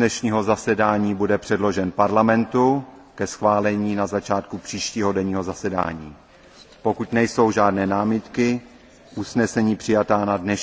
dnešního zasedání bude předložen parlamentu ke schválení na začátku příštího denního zasedání. pokud nejsou žádné námitky usnesení přijatá na dnešním zasedání